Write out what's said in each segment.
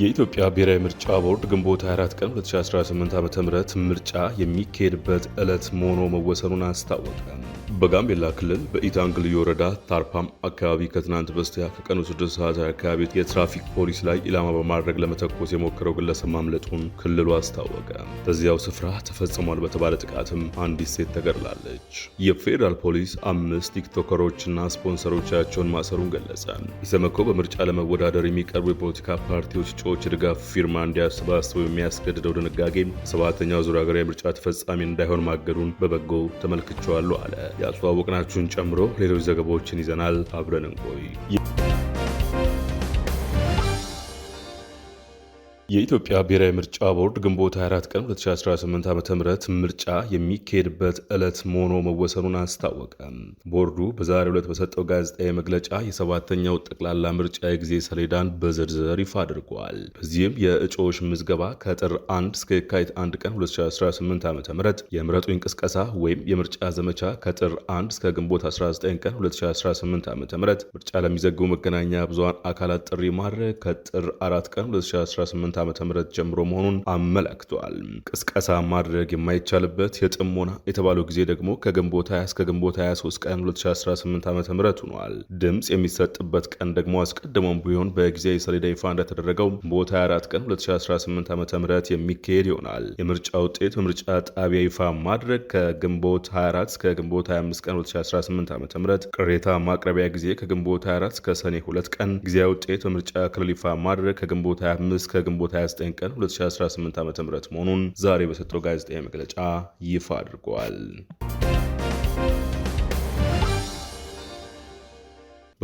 የኢትዮጵያ ብሔራዊ ምርጫ ቦርድ ግንቦት 24 ቀን 2018 ዓ.ም ምርጫ የሚካሄድበት ዕለት መሆኑ መወሰኑን አስታወቀ። በጋምቤላ ክልል በኢታንግ ልዩ ወረዳ ታርፓም አካባቢ ከትናንት በስቲያ ከቀኑ ስድስት ሰዓት አካባቢ የትራፊክ ፖሊስ ላይ ኢላማ በማድረግ ለመተኮስ የሞከረው ግለሰብ ማምለጡን ክልሉ አስታወቀ። በዚያው ስፍራ ተፈጽሟል በተባለ ጥቃትም አንዲት ሴት ተገድላለች። የፌዴራል ፖሊስ አምስት ቲክቶከሮችና ስፖንሰሮቻቸውን ማሰሩን ገለጸ። ኢሰመኮ በምርጫ ለመወዳደር የሚቀርቡ የፖለቲካ ፓርቲዎች እጩዎች ድጋፍ ፊርማ እንዲያሰባስቡ የሚያስገድደው ድንጋጌ ሰባተኛው ዙር ሀገራዊ ምርጫ ተፈጻሚ እንዳይሆን ማገዱን በበጎ ተመልክቸዋለሁ አለ። ያስተዋወቅናችሁን ጨምሮ ሌሎች ዘገባዎችን ይዘናል። አብረን እንቆይ። የኢትዮጵያ ብሔራዊ ምርጫ ቦርድ ግንቦት 24 ቀን 2018 ዓ ም ምርጫ የሚካሄድበት ዕለት መሆኑ መወሰኑን አስታወቀ። ቦርዱ በዛሬው ዕለት በሰጠው ጋዜጣዊ መግለጫ የሰባተኛው ጠቅላላ ምርጫ የጊዜ ሰሌዳን በዝርዝር ይፋ አድርጓል። በዚህም የእጩዎች ምዝገባ ከጥር 1 እስከ የካቲት 1 ቀን 2018 ዓ ም የምረጡ እንቅስቀሳ ወይም የምርጫ ዘመቻ ከጥር 1 እስከ ግንቦት 19 ቀን 2018 ዓ ም ምርጫ ለሚዘግቡ መገናኛ ብዙሃን አካላት ጥሪ ማድረግ ከጥር 4 ቀን 2018 2018 ዓ ም ጀምሮ መሆኑን አመላክተዋል። ቅስቀሳ ማድረግ የማይቻልበት የጥሞና የተባለው ጊዜ ደግሞ ከግንቦት 20 እስከ ግንቦት 23 ቀን 2018 ዓ ም ሆኗል። ድምፅ የሚሰጥበት ቀን ደግሞ አስቀድሞም ቢሆን በጊዜያዊ ሰሌዳ ይፋ እንደተደረገው ግንቦት 24 ቀን 2018 ዓ ም የሚካሄድ ይሆናል። የምርጫ ውጤት በምርጫ ጣቢያ ይፋ ማድረግ ከግንቦት 24 እስከ ግንቦት 25 ቀን 2018 ዓ ም ቅሬታ ማቅረቢያ ጊዜ ከግንቦት 24 እስከ ሰኔ 2 ቀን ጊዜያዊ ውጤት በምርጫ ክልል ይፋ ማድረግ ከግንቦት 25 ከግንቦት ግንቦት 29 ቀን 2018 ም መሆኑን ዛሬ በሰጠው ጋዜጣዊ መግለጫ ይፋ አድርገዋል።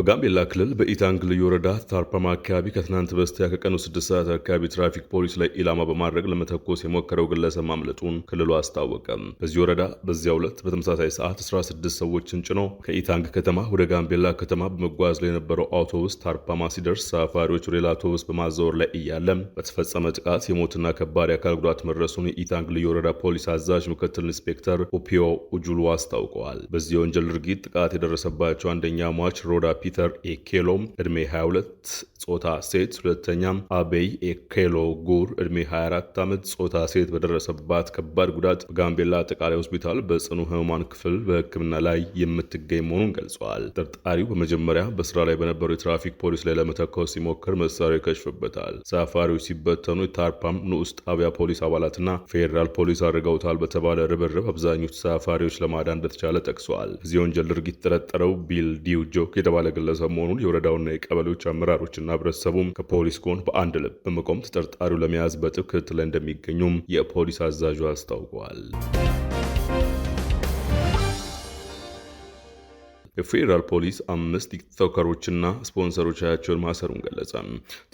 በጋምቤላ ክልል በኢታንግ ልዩ ወረዳ ታርፓማ አካባቢ ከትናንት በስቲያ ከቀኑ ስድስት ሰዓት አካባቢ ትራፊክ ፖሊስ ላይ ኢላማ በማድረግ ለመተኮስ የሞከረው ግለሰብ ማምለጡን ክልሉ አስታወቀ። በዚህ ወረዳ በዚያ ሁለት በተመሳሳይ ሰዓት 16 ሰዎችን ጭኖ ከኢታንግ ከተማ ወደ ጋምቤላ ከተማ በመጓዝ ላይ የነበረው አውቶቡስ ታርፓማ ሲደርስ ሳፋሪዎች ወደ ሌላ አውቶቡስ በማዛወር ላይ እያለ በተፈጸመ ጥቃት የሞትና ከባድ የአካል ጉዳት መድረሱን የኢታንግ ልዩ ወረዳ ፖሊስ አዛዥ ምክትል ኢንስፔክተር ኦፒዮ ኡጁሉ አስታውቀዋል። በዚህ የወንጀል ድርጊት ጥቃት የደረሰባቸው አንደኛ ሟች ሮዳ ፒ ፒተር ኤኬሎ እድሜ 22 ጾታ ሴት፣ ሁለተኛ አቤይ ኤኬሎ ጉር ዕድሜ 24 ዓመት ጾታ ሴት በደረሰባት ከባድ ጉዳት በጋምቤላ አጠቃላይ ሆስፒታል በጽኑ ህሙማን ክፍል በህክምና ላይ የምትገኝ መሆኑን ገልጸዋል። ተጠርጣሪው በመጀመሪያ በስራ ላይ በነበረው የትራፊክ ፖሊስ ላይ ለመተኮስ ሲሞክር መሳሪያው ይከሽፍበታል። ሳፋሪዎች ሲበተኑ የታርፓም ንዑስ ጣቢያ ፖሊስ አባላትና ፌዴራል ፖሊስ አድርገውታል በተባለ ርብርብ አብዛኞቹ ሳፋሪዎች ለማዳን እንደተቻለ ጠቅሰዋል። እዚህ ወንጀል ድርጊት የተጠረጠረው ቢል ዲው ጆክ የተባለ ግለሰብ መሆኑን የወረዳውና የቀበሌዎች አመራሮችና ህብረተሰቡም ከፖሊስ ጎን በአንድ ልብ በመቆም ተጠርጣሪው ለመያዝ በጥብቅ ክትትል ላይ እንደሚገኙም የፖሊስ አዛዡ አስታውቀዋል። የፌዴራል ፖሊስ አምስት ቲክቶከሮችና ስፖንሰሮቻቸውን ማሰሩን ገለጸ።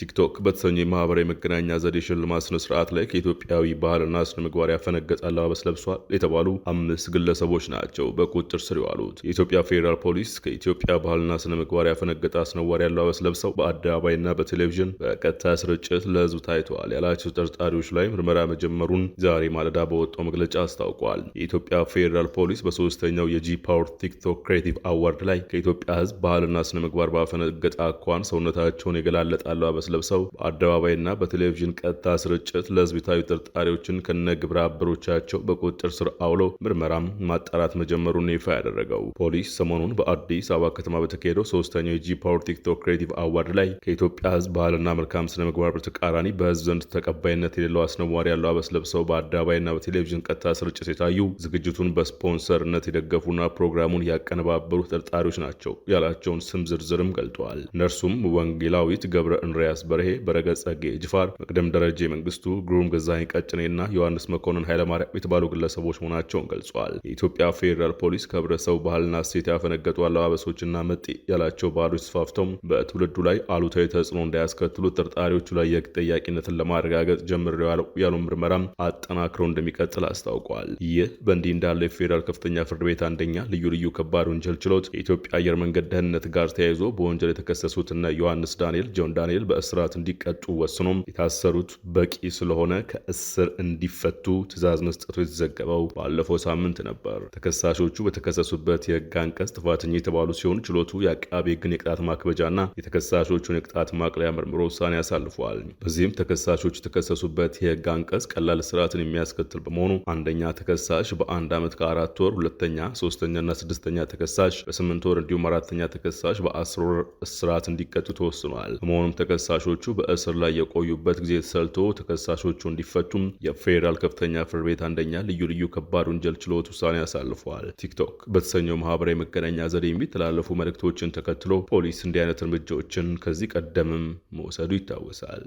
ቲክቶክ በተሰኘ የማህበራዊ መገናኛ ዘዴ ሽልማት ስነ ስርዓት ላይ ከኢትዮጵያዊ ባህልና ስነ ምግባር ያፈነገጠ አለባበስ ለብሷል የተባሉ አምስት ግለሰቦች ናቸው በቁጥጥር ስር የዋሉት። የኢትዮጵያ ፌዴራል ፖሊስ ከኢትዮጵያ ባህልና ስነ ምግባር ያፈነገጠ አስነዋሪ አለባበስ ለብሰው በአደባባይና በቴሌቪዥን በቀጥታ ስርጭት ለህዝብ ታይተዋል ያላቸው ተጠርጣሪዎች ላይ ምርመራ መጀመሩን ዛሬ ማለዳ በወጣው መግለጫ አስታውቋል። የኢትዮጵያ ፌዴራል ፖሊስ በሶስተኛው የጂ ፓወር ቲክቶክ ክሬቲቭ አዋ አዋርድ ላይ ከኢትዮጵያ ሕዝብ ባህልና ስነ ምግባር ባፈነገጠ አኳን ሰውነታቸውን የገላለጠ አለባበስ ለብሰው በአደባባይና በቴሌቪዥን ቀጥታ ስርጭት ለሕዝብ የታዩ ጥርጣሬዎችን ከነ ግብረ አበሮቻቸው በቁጥጥር ስር አውሎ ምርመራም ማጣራት መጀመሩን ይፋ ያደረገው ፖሊስ ሰሞኑን በአዲስ አበባ ከተማ በተካሄደው ሶስተኛው የጂ ፓወር ቲክቶክ ክሬቲቭ አዋርድ ላይ ከኢትዮጵያ ሕዝብ ባህልና መልካም ስነ ምግባር በተቃራኒ በሕዝብ ዘንድ ተቀባይነት የሌለው አስነዋሪ አለባበስ ለብሰው በአደባባይና በቴሌቪዥን ቀጥታ ስርጭት የታዩ ዝግጅቱን በስፖንሰርነት የደገፉና ፕሮግራሙን ያቀነባበሩት ተጠርጣሪዎች ናቸው ያላቸውን ስም ዝርዝርም ገልጠዋል። እነርሱም ወንጌላዊት ገብረ እንድርያስ በርሄ፣ በረገ ጸጌ ጅፋር፣ መቅደም ደረጀ መንግስቱ፣ ግሩም ቀጭኔ ቀጭኔና ዮሐንስ መኮንን ኃይለማርያም የተባሉ ግለሰቦች መሆናቸውን ገልጸዋል። የኢትዮጵያ ፌዴራል ፖሊስ ከህብረተሰቡ ባህልና እሴት ያፈነገጡ አለባበሶችና መጤ ያላቸው ባህሎች ተስፋፍተው በትውልዱ ላይ አሉታዊ ተጽዕኖ እንዳያስከትሉ ተጠርጣሪዎቹ ላይ የህግ ጠያቂነትን ለማረጋገጥ ጀምረው ያሉ ምርመራም አጠናክረው እንደሚቀጥል አስታውቋል። ይህ በእንዲህ እንዳለ የፌዴራል ከፍተኛ ፍርድ ቤት አንደኛ ልዩ ልዩ ከባድ ወንጀል ችሎት ወንጀሎች የኢትዮጵያ አየር መንገድ ደህንነት ጋር ተያይዞ በወንጀል የተከሰሱትና ዮሐንስ ዳንኤል ጆን ዳንኤል በእስራት እንዲቀጡ ወስኖም የታሰሩት በቂ ስለሆነ ከእስር እንዲፈቱ ትእዛዝ መስጠቱ የተዘገበው ባለፈው ሳምንት ነበር። ተከሳሾቹ በተከሰሱበት የህግ አንቀጽ ጥፋተኛ የተባሉ ሲሆን ችሎቱ የአቃቤ ህግን የቅጣት ማክበጃና የተከሳሾቹን የቅጣት ማቅለያ መርምሮ ውሳኔ አሳልፏል። በዚህም ተከሳሾቹ የተከሰሱበት የህግ አንቀጽ ቀላል እስራትን የሚያስከትል በመሆኑ አንደኛ ተከሳሽ በአንድ ዓመት ከአራት ወር፣ ሁለተኛ፣ ሶስተኛና ስድስተኛ ተከሳሽ ከስምንት ወር እንዲሁም አራተኛ ተከሳሽ በአስር ወር እስራት እንዲቀጡ ተወስኗል። በመሆኑም ተከሳሾቹ በእስር ላይ የቆዩበት ጊዜ ተሰልቶ ተከሳሾቹ እንዲፈቱም የፌዴራል ከፍተኛ ፍርድ ቤት አንደኛ ልዩ ልዩ ከባድ ወንጀል ችሎት ውሳኔ አሳልፏል። ቲክቶክ በተሰኘው ማህበራዊ መገናኛ ዘዴ የሚተላለፉ መልእክቶችን ተከትሎ ፖሊስ እንዲህ አይነት እርምጃዎችን ከዚህ ቀደምም መውሰዱ ይታወሳል።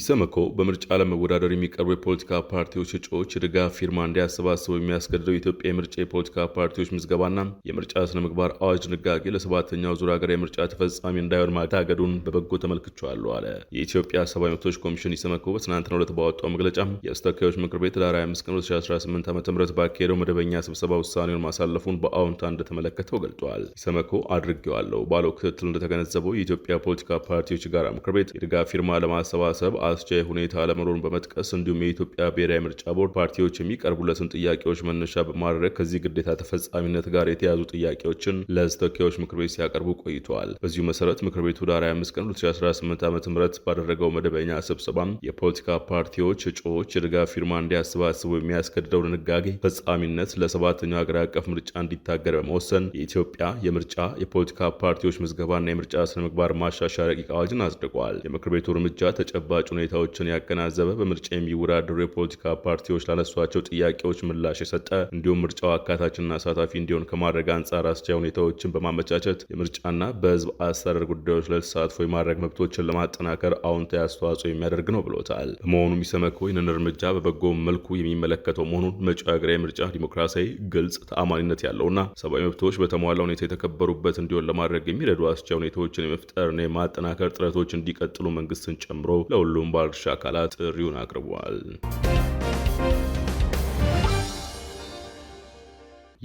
ኢሰመኮ በምርጫ ለመወዳደር የሚቀርቡ የፖለቲካ ፓርቲዎች እጩዎች ድጋፍ ፊርማ እንዲያሰባስቡ የሚያስገድደው የኢትዮጵያ የምርጫ የፖለቲካ ፓርቲዎች ምዝገባና የምርጫ ስነ ምግባር አዋጅ ድንጋጌ ለሰባተኛው ዙር ሀገር የምርጫ ተፈጻሚ እንዳይሆን ማታገዱን በበጎ ተመልክቻለሁ አለ። የኢትዮጵያ ሰብአዊ መብቶች ኮሚሽን ኢሰመኮ በትናንትናው ዕለት ባወጣው መግለጫ የተወካዮች ምክር ቤት ለኅዳር 25 ቀን 2018 ዓ ም ባካሄደው መደበኛ ስብሰባ ውሳኔውን ማሳለፉን በአዎንታ እንደተመለከተው ገልጧል። ኢሰመኮ አድርጌዋለሁ ባለው ክትትል እንደተገነዘበው የኢትዮጵያ ፖለቲካ ፓርቲዎች ጋራ ምክር ቤት የድጋፍ ፊርማ ለማሰባሰብ አስቻይ ሁኔታ አለመኖሩን በመጥቀስ እንዲሁም የኢትዮጵያ ብሔራዊ ምርጫ ቦርድ ፓርቲዎች የሚቀርቡለትን ጥያቄዎች መነሻ በማድረግ ከዚህ ግዴታ ተፈጻሚነት ጋር የተያዙ ጥያቄዎችን ለሕዝብ ምክር ቤት ሲያቀርቡ ቆይተዋል። በዚሁ መሰረት ምክር ቤቱ ዳር 25 ቀን 2018 ዓ ም ባደረገው መደበኛ ስብሰባም የፖለቲካ ፓርቲዎች እጩዎች የድጋፍ ፊርማ እንዲያሰባስቡ የሚያስገድደው ድንጋጌ ፈጻሚነት ለሰባተኛው ሀገር አቀፍ ምርጫ እንዲታገድ በመወሰን የኢትዮጵያ የምርጫ የፖለቲካ ፓርቲዎች ምዝገባና የምርጫ ስነ ምግባር ማሻሻያ ረቂቅ አዋጅን አጽድቋል። የምክር ቤቱ እርምጃ ተጨባጭ ሁኔታዎችን ያገናዘበ በምርጫ የሚወዳደሩ የፖለቲካ ፓርቲዎች ላነሷቸው ጥያቄዎች ምላሽ የሰጠ እንዲሁም ምርጫው አካታችና አሳታፊ እንዲሆን ከማድረግ አንጻር አስቻይ ሁኔታዎችን በማመቻቸት የምርጫና በህዝብ አስተዳደር ጉዳዮች ላይ ተሳትፎ የማድረግ መብቶችን ለማጠናከር አዎንታዊ አስተዋጽኦ የሚያደርግ ነው ብሎታል። በመሆኑም ኢሰመኮ ይህንን እርምጃ በበጎ መልኩ የሚመለከተው መሆኑን መጪው ሀገራዊ ምርጫ ዲሞክራሲያዊ፣ ግልጽ፣ ተአማኒነት ያለውና ሰብአዊ መብቶች በተሟላ ሁኔታ የተከበሩበት እንዲሆን ለማድረግ የሚረዱ አስቻይ ሁኔታዎችን የመፍጠርና የማጠናከር ጥረቶች እንዲቀጥሉ መንግስትን ጨምሮ ለሁሉም ሁሉም ባለድርሻ አካላት ጥሪውን አቅርበዋል።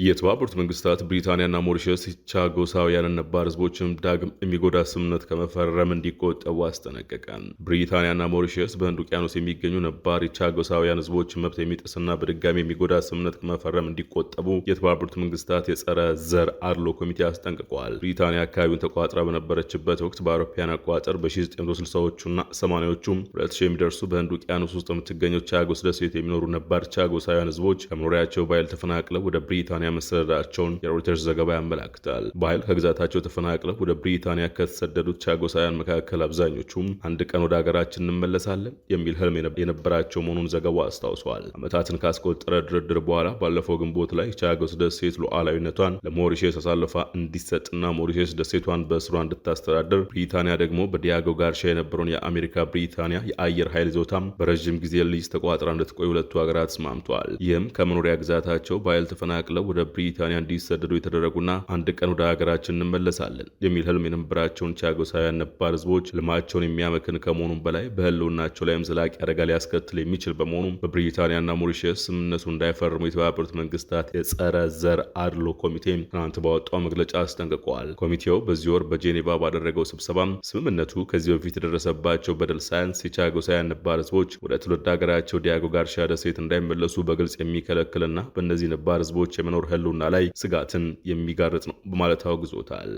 የተባበሩት መንግስታት ብሪታንያና ሞሪሸስ ቻጎሳውያንን ነባር ህዝቦችን ዳግም የሚጎዳ ስምምነት ከመፈረም እንዲቆጠቡ አስጠነቀቀ። ብሪታንያና ሞሪሸስ በህንድ ውቅያኖስ የሚገኙ ነባር የቻጎሳውያን ህዝቦች መብት የሚጥስና በድጋሚ የሚጎዳ ስምምነት ከመፈረም እንዲቆጠቡ የተባበሩት መንግስታት የጸረ ዘር አድሎ ኮሚቴ አስጠንቅቋል። ብሪታንያ አካባቢውን ተቋጥራ በነበረችበት ወቅት በአውሮፓውያን አቆጣጠር በ1960ዎቹና 80ዎቹ 2000 የሚደርሱ በህንድ ውቅያኖስ ውስጥ የምትገኘው ቻጎስ ደሴት የሚኖሩ ነባር ቻጎሳውያን ህዝቦች ከመኖሪያቸው ባይል ተፈናቅለው ወደ ብሪታንያ ብሪታንያ መሰደዳቸውን የሮይተርስ ዘገባ ያመላክታል። በኃይል ከግዛታቸው ተፈናቅለው ወደ ብሪታንያ ከተሰደዱት ቻጎሳውያን መካከል አብዛኞቹም አንድ ቀን ወደ ሀገራችን እንመለሳለን የሚል ህልም የነበራቸው መሆኑን ዘገባው አስታውሷል። ዓመታትን ካስቆጠረ ድርድር በኋላ ባለፈው ግንቦት ላይ ቻጎስ ደሴት ሉዓላዊነቷን ለሞሪሼስ አሳልፋ እንዲሰጥና ሞሪሼስ ደሴቷን በስሯ እንድታስተዳድር ብሪታንያ ደግሞ በዲያጎ ጋርሻ የነበረውን የአሜሪካ ብሪታንያ የአየር ኃይል ይዞታም በረዥም ጊዜ ሊዝ ተቋጥራ እንድትቆይ ሁለቱ ሀገራት ተስማምተዋል። ይህም ከመኖሪያ ግዛታቸው በኃይል ተፈናቅለው ወደ ወደ ብሪታንያ እንዲሰደዱ የተደረጉና አንድ ቀን ወደ ሀገራችን እንመለሳለን የሚል ህልም የነበራቸውን ቻጎሳውያን ነባር ህዝቦች ልማቸውን የሚያመክን ከመሆኑም በላይ በህልውናቸው ላይም ዘላቂ አደጋ ሊያስከትል የሚችል በመሆኑም በብሪታንያና ሞሪሸስ ስምምነቱ እንዳይፈርሙ የተባበሩት መንግስታት የጸረ ዘር አድሎ ኮሚቴ ትናንት ባወጣው መግለጫ አስጠንቅቀዋል። ኮሚቴው በዚህ ወር በጄኔቫ ባደረገው ስብሰባ ስምምነቱ ከዚህ በፊት የደረሰባቸው በደል ሳያንስ የቻጎሳውያን ነባር ህዝቦች ወደ ትውልድ ሀገራቸው ዲያጎ ጋርሻ ደሴት እንዳይመለሱ በግልጽ የሚከለክልና በእነዚህ ነባር ህዝቦች የመኖር መኖር ህልውና ላይ ስጋትን የሚጋርጥ ነው በማለት አውግዞታል።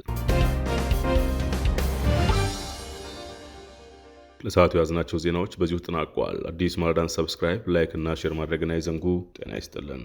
ለሰዓቱ የያዝናቸው ዜናዎች በዚሁ ተጠናቀዋል። አዲስ ማለዳን ሰብስክራይብ፣ ላይክ እና ሼር ማድረግን አይዘንጉ። ጤና ይስጥልን።